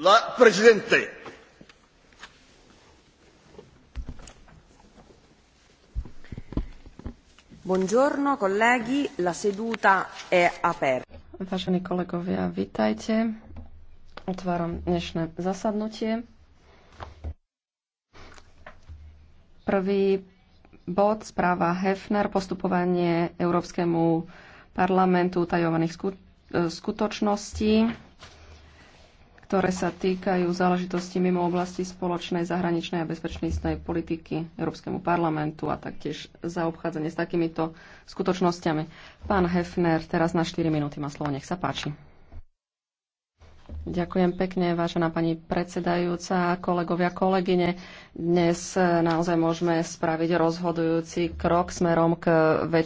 La Presidente. Buongiorno colleghi, la seduta è aperta. Vážení kolegovia, vitajte. Otváram dnešné zasadnutie. Prvý bod, správa Hefner, postupovanie Európskemu parlamentu utajovaných e, skutočností ktoré sa týkajú záležitosti mimo oblasti spoločnej zahraničnej a bezpečnostnej politiky Európskemu parlamentu a taktiež zaobchádzanie s takýmito skutočnosťami. Pán Hefner, teraz na 4 minúty má slovo, nech sa páči. Ďakujem pekne, vážená pani predsedajúca, kolegovia, kolegyne. Dnes naozaj môžeme spraviť rozhodujúci krok smerom k väčšej